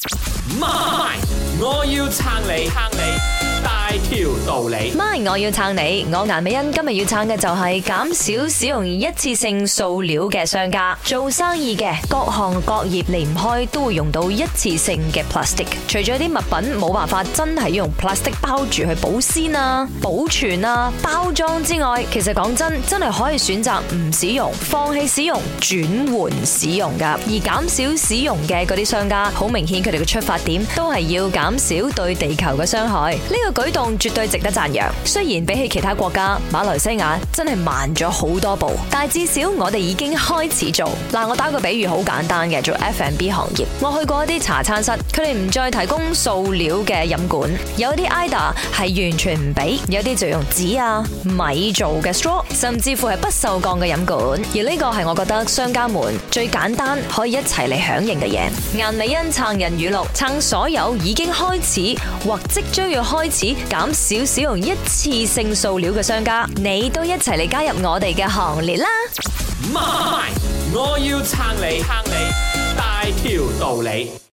媽咪，MY，我要撐你，撐你。大條道理，媽，我要撐你。我顏美欣今日要撐嘅就係減少使用一次性塑料嘅商家。做生意嘅各行各業離唔開都會用到一次性嘅 plastic。除咗啲物品冇辦法真係用 plastic 包住去保鮮啊、保存啊、包裝之外，其實講真，真係可以選擇唔使用、放棄使用、轉換使用噶。而減少使用嘅嗰啲商家，好明顯佢哋嘅出發點都係要減少對地球嘅傷害。呢個舉動絕對值得讚揚。雖然比起其他國家，馬來西亞真係慢咗好多步，但係至少我哋已經開始做。嗱，我打個比喻，好簡單嘅，做 F&B 行業，我去過一啲茶餐室，佢哋唔再提供塑料嘅飲管，有啲 Ida 係完全唔俾，有啲就用紙啊、米做嘅 straw，甚至乎係不銹鋼嘅飲管。而呢個係我覺得商家們最簡單可以一齊嚟響應嘅嘢。顏美欣撐人語錄，撐所有已經開始或即將要開始。減少使用一次性塑料嘅商家，你都一齊嚟加入我哋嘅行列啦！MY，我要撐你，撐你，大條道理。